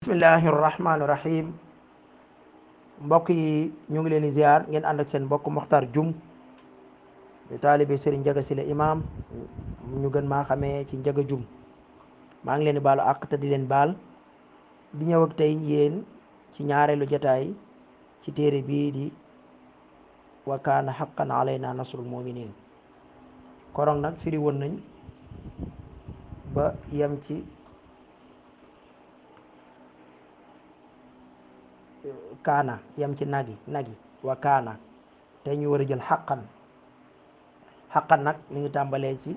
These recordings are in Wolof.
bismillahi rahmaani rahim mbokk yi ñu ngi leen di ziar ngeen ànd seen mbokk Mokhtar Dioum di taalibe Serigne Ndiaga Sylla imam ñu gën maa xamee ci njaga jum maa ngi leen di baalu àq di leen baal di ñëw ak tey yéen ci ñaareelu jataay ci téere bii di wa kaana xaqan alayna nasrul muminin korong nag firi woon ba yem ci kaana yam ci nag yi nag yi wa kaana te ñu war a jël xaqan xaqan nag mi ngi tàmbalee ci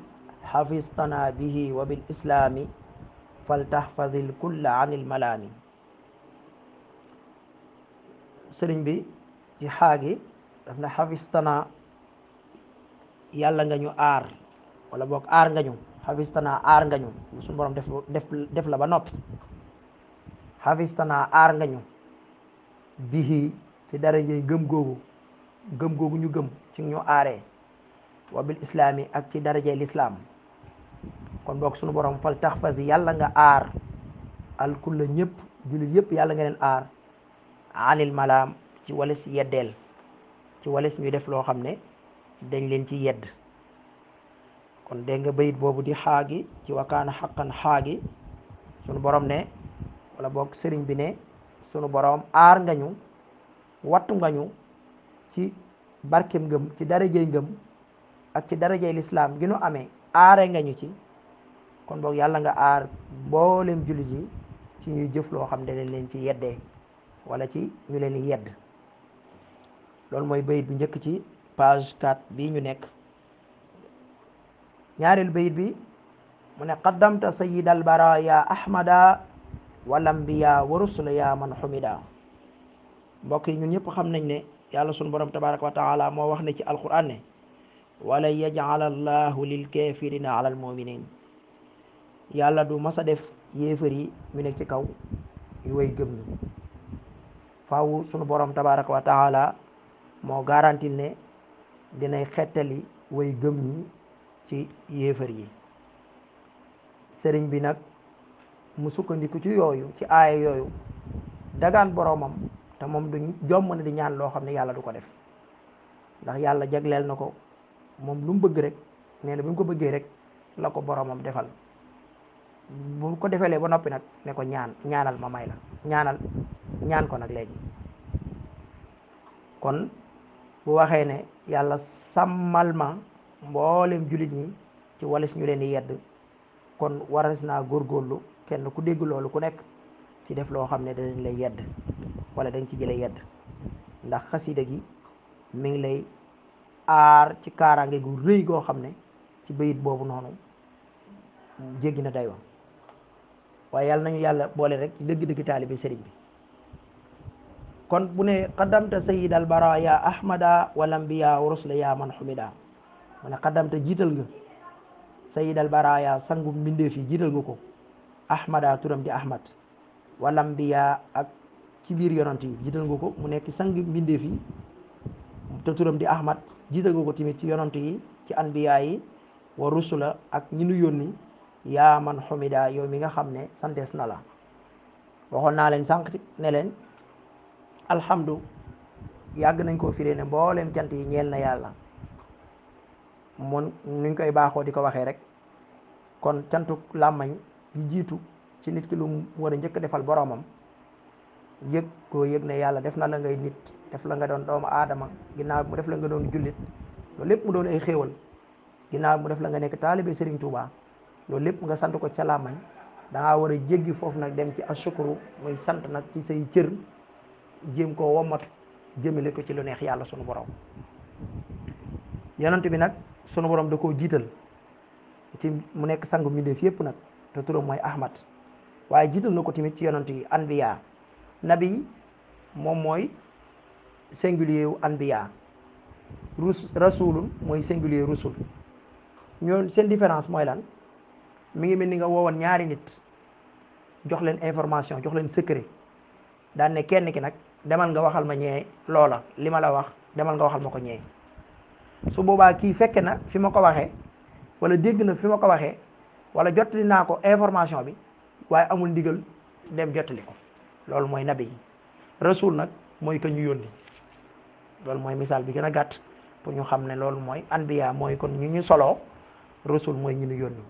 xafistana bihi wa bil islaami fal taxfadil kulla anil malaami sëriñ bi ci xaagi daf na xafistana yàlla nga ñu aar wala boog aar nga ñu xafistana aar nga ñu def la ba noppi xafistana aar nga ñu bihi ci darajey gëm googu gëm googu ñu gëm ci ñu aaree wabil islaami ak ci darajey lislaam kon boog sunu borom fa taxfas yàlla nga aar alkulla ñëpp jullit yëpp yàlla nga leen aar anil malaam ci walis yeddeel ci walis ñu def loo xam ne dañ leen ci yedd kon dégg nga bayit boobu di xaagi ci wakaana xaqan xaagi sunu borom ne wala boog sëriñ bi ne sunu boroom aar nga ñu wattu nga ñu ci barkem ngëm ci darajey ngëm ak ci darajey lislaam gi nu amee aare nga ñu ci kon boog yàlla nga aar mboolem jullit yi ci ñu jëf loo xam ne leen ci yeddee wala ci ñu leen di yedd loolu mooy bayit bu njëkk ci page 4 bii ñu nekk ñaareel bayit bi mu ne qaddamta sayyidal baraya ahmada wal anbiya wa rusula ya man xumida mbokk yi ñun ñëpp xam nañ ne yàlla sunu borom tabaraka wa taala moo wax na ci alquran ne wala yajala allahu lil kafirina ala al yàlla du mas a def yéefar yi mu nekk ci kaw yu way gëm ñi faaw sunu borom tabaraka wa taala moo garanti ne dinay xettali way gëm ñi ci yéefar yi sëriñ bi nag mu sukkandiku ci yooyu ci aaya yooyu dagaan boroomam te moom du jomm na di ñaan loo xam ne yàlla du ko def ndax yàlla jagleel na ko moom lu mu bëgg rek nee na bi mu ko bëggee rek la ko boroomam defal bu ko defalee ba noppi nag ne ko ñaan ñaanal ma may la ñaanal ñaan ko nag léegi kon bu waxee ne yàlla sàmmal ma mboolem jullit yi ci walis ñu leen di yedd kon waras naa góor góorlu kenn ku dégg loolu ku nekk ci def loo xam ne danañ lay yedd wala dañ ci jële yedd ndax xasida gi mi ngi lay aar ci kaaraange gu rëy goo xam ne ci bayit boobu noonu jéggi na dayoo waaye yàlla nañu yàlla boole rek dëgg-dëgg taalibi sëriñ bi kon bu ne xaddamta sayid al bara ya ahmada wal ambiya wa rusula ya man xumida mu ne xaddamta jiital nga sayid al bara ya sangum mbindeef yi jiital nga ko ahmada ah, turam di ahmad walam biya ak ci biir yonant yi jiital nga ko mu nekk sang mbindeef yi te turam di ahmad jiital nga ko tamit ci yonant yi ci anbiya yi wa rusula ak ñi nu yónni yaa man yow mi nga xam ne santees na la waxoon naa leen sànq ne leen alhamdu yàgg nañ koo firee ne mbooleem cant yi ñeel na yàlla mun nuñ koy baaxoo di ko waxee rek kon cantu làmmañ gi jiitu ci nit ki lu mu war a njëkk defal boromam yëg ko yëg ne yàlla def na la ngay nit def la nga doon doomu aadama ginnaaw mu def la nga doon jullit loolu lépp mu doon ay xéewal ginnaaw bi mu def la nga nekk taalibe Serigne Touba loolu lépp nga sant ko ci sa làmmañ da ngaa war a jéggi foofu nag dem ci asukuru muy sant nag ci say cër jéem koo wommat jëmale ko ci lu neex yàlla sunu borom. yonent bi nag sunu borom da koo jiital ci mu nekk sangu mbindeef yépp nag. te turam mooy Ahmad waaye jiital na ko tamit ci yonent yi anbiya nabi moom mooy singulier wu anbiya rus rasulun mooy singulier rusul ñoon seen différence mooy lan mi ngi mel ni nga woowoon ñaari nit jox leen information jox leen secret daane kenn ki nag demal nga waxal ma ñee loola li ma la wax demal nga waxal ma ko ñee su boobaa kii fekke na fi ma ko waxee wala dégg na fi ma ko waxee wala jottali naa ko information bi waaye amul ndigal dem jottali ko loolu mooy nabi yi rasul nag mooy ka ñu yónni loolu mooy misaal bi gën a gàtt pour ñu xam ne loolu mooy anbiya mooy kon ñu ñu soloo rasul mooy ñu ñu yónni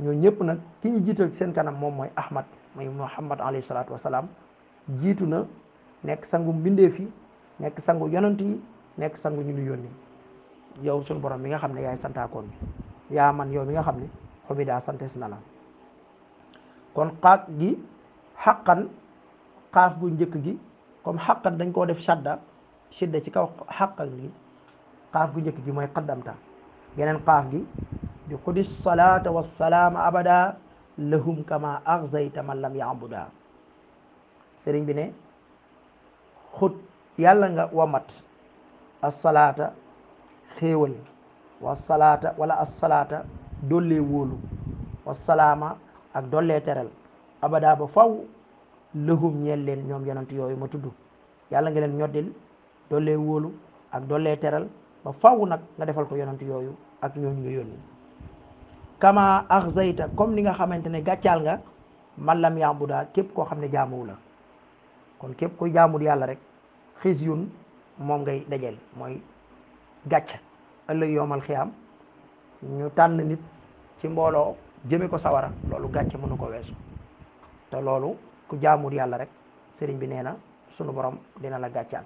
ñoo ñëpp nag ki ñu jiital seen kanam moom mooy ahmad mooy muhammad alayhi salaatu wasalaam jiitu na nekk sangu mbindeef yi nekk sangu yonant yi nekk sangu ñu ñu yónni yow sunu borom mi nga xam ne yaay santaakoon bi yaa man yow mi nga xam ne xobi daa santes na la kon xaaq gi xaqan xaaf gu njëkk gi kom xaqan dañ koo def shadda shidda ci kaw xaqan gi xaaf gu njëkk gi mooy qaddamta geneen xaaf gi di xudis salaata wassalaama abada lahum kama axzayta man lam yaabuda sëriñ bi ne xut yàlla nga salaata assalaata wa salaata wala assalaata dollee wóolu salaama ak dollee teral abada ba faw lëgum ñeel leen ñoom yonent yooyu ma tudd yàlla nga leen ñoddil dollee wóolu ak doole teral ba faw nag nga defal ko yonent yooyu ak ñooñu nga yónni kama axzayta comme ni nga xamante ne gàccaal nga man lam yaabuda képp koo xam ne jaamuwu la kon képp koy jaamul yàlla rek xis yun moom ngay dajeel mooy gàcc ëllëg yoomal xiyaam ñu tànn nit ci mbooloo jëme ko sawara loolu gàcce mënu ko weesu te loolu ku jaamul yàlla rek sëriñ bi nee na sunu boroom dina la gàccaan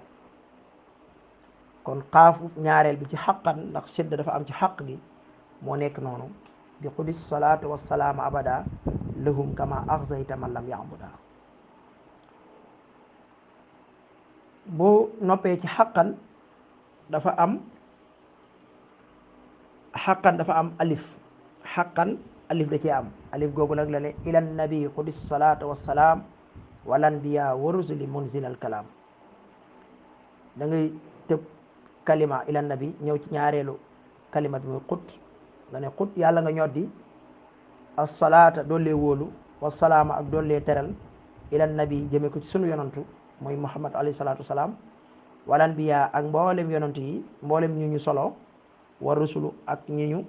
kon xaafu ñaareel bi ci xaqan ndax sidd dafa am ci xaq gi moo nekk noonu di xudis salaatu wassalaam abada lahum kama axzayta man lam yaabuda bu noppee ci xaqan dafa am xaqan dafa am alif xaqan alif da cee am alif googu nag la ne ila nabi qudis salaatu wassalaam wal anbiya wa rusuli munzil al kalaam da ngay tëb kalima ila nabi ñëw ci ñaareelu kalima bi muy xut nga ne xut yàlla nga ñoddi assalaata doollee wóolu wasalaama ak doollee teral ila nabi jëme ko ci sunu yonantu mooy muhammad alayhi salaatu wasalaam wal anbiya ak mboolem yonantu yi mboolem ñu ñu solo wa ak ñi ñu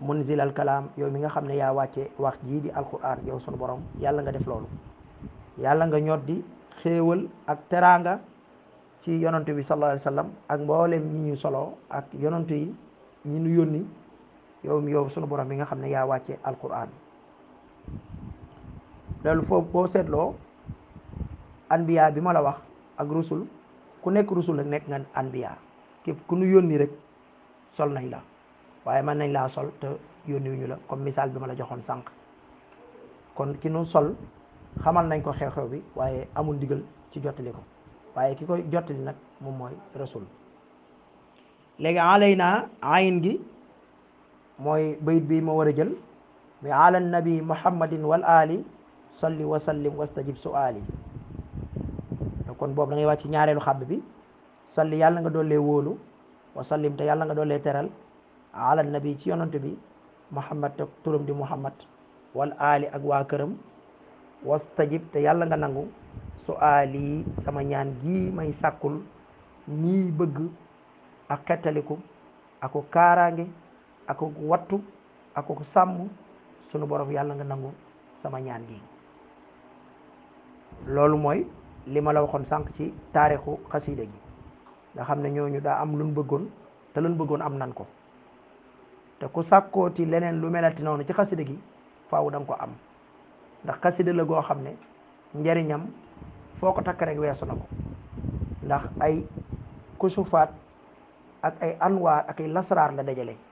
munzil al kalaam yow mi nga xam ne yaa wàcce wax jii di alquran yow sunu borom yàlla nga def loolu yàlla nga ñoddi xéewal ak teraanga ci yonantu bi solo alayhi wa ak mboolem ñi ñu solo ak yonantu yi ñi ñu yónni yow mi sunu borom mi nga xam ne yaa wàcce alquran loolu foofu boo seetloo anbiya bi ma la wax ak rusul ku nekk rusul rek nekk nga anbiya képp ku nu yónni rek sol nañ la waaye mën nañ laa sol te yónniwuñu la comme misaal bi ma la joxoon sànq kon ki nu sol xamal nañ ko xew-xew bi waaye amul ndigal ci jottali ko waaye ki koy jottali nag moom mooy rasul léegi alayna ayin gi mooy bayit bi ma war a jël mi ala nabi muhammadin wal ali salli wa sallim wastajib suali kon boobu da ngay ci ñaareelu xàbb bi salli yàlla nga doolee wóolu wa sallim te yàlla nga doolee teral ala nabi ci yonant bi muhammad te turam di muhammad wal aali ak waa këram wastajib te yàlla nga nangu su aali sama ñaan gi may sàkkul ñii bëgg ak xettaliku ako kaaraange ako wattu ako sàmm sunu borom yàlla nga nangu sama ñaan gi loolu mooy li ma la waxoon sànq ci taarixu xasiida gi nga xam ne ñooñu daa am luñ bëggoon te luñ bëggoon am nan ko te ku sàkkooti leneen lu melati noonu ci xasida gi faaw da ko am ndax xasida la goo xam ne njariñam foo ko takk rek weesu na ko ndax ay kusufaat ak ay anwaar ak ay lasraar la dajale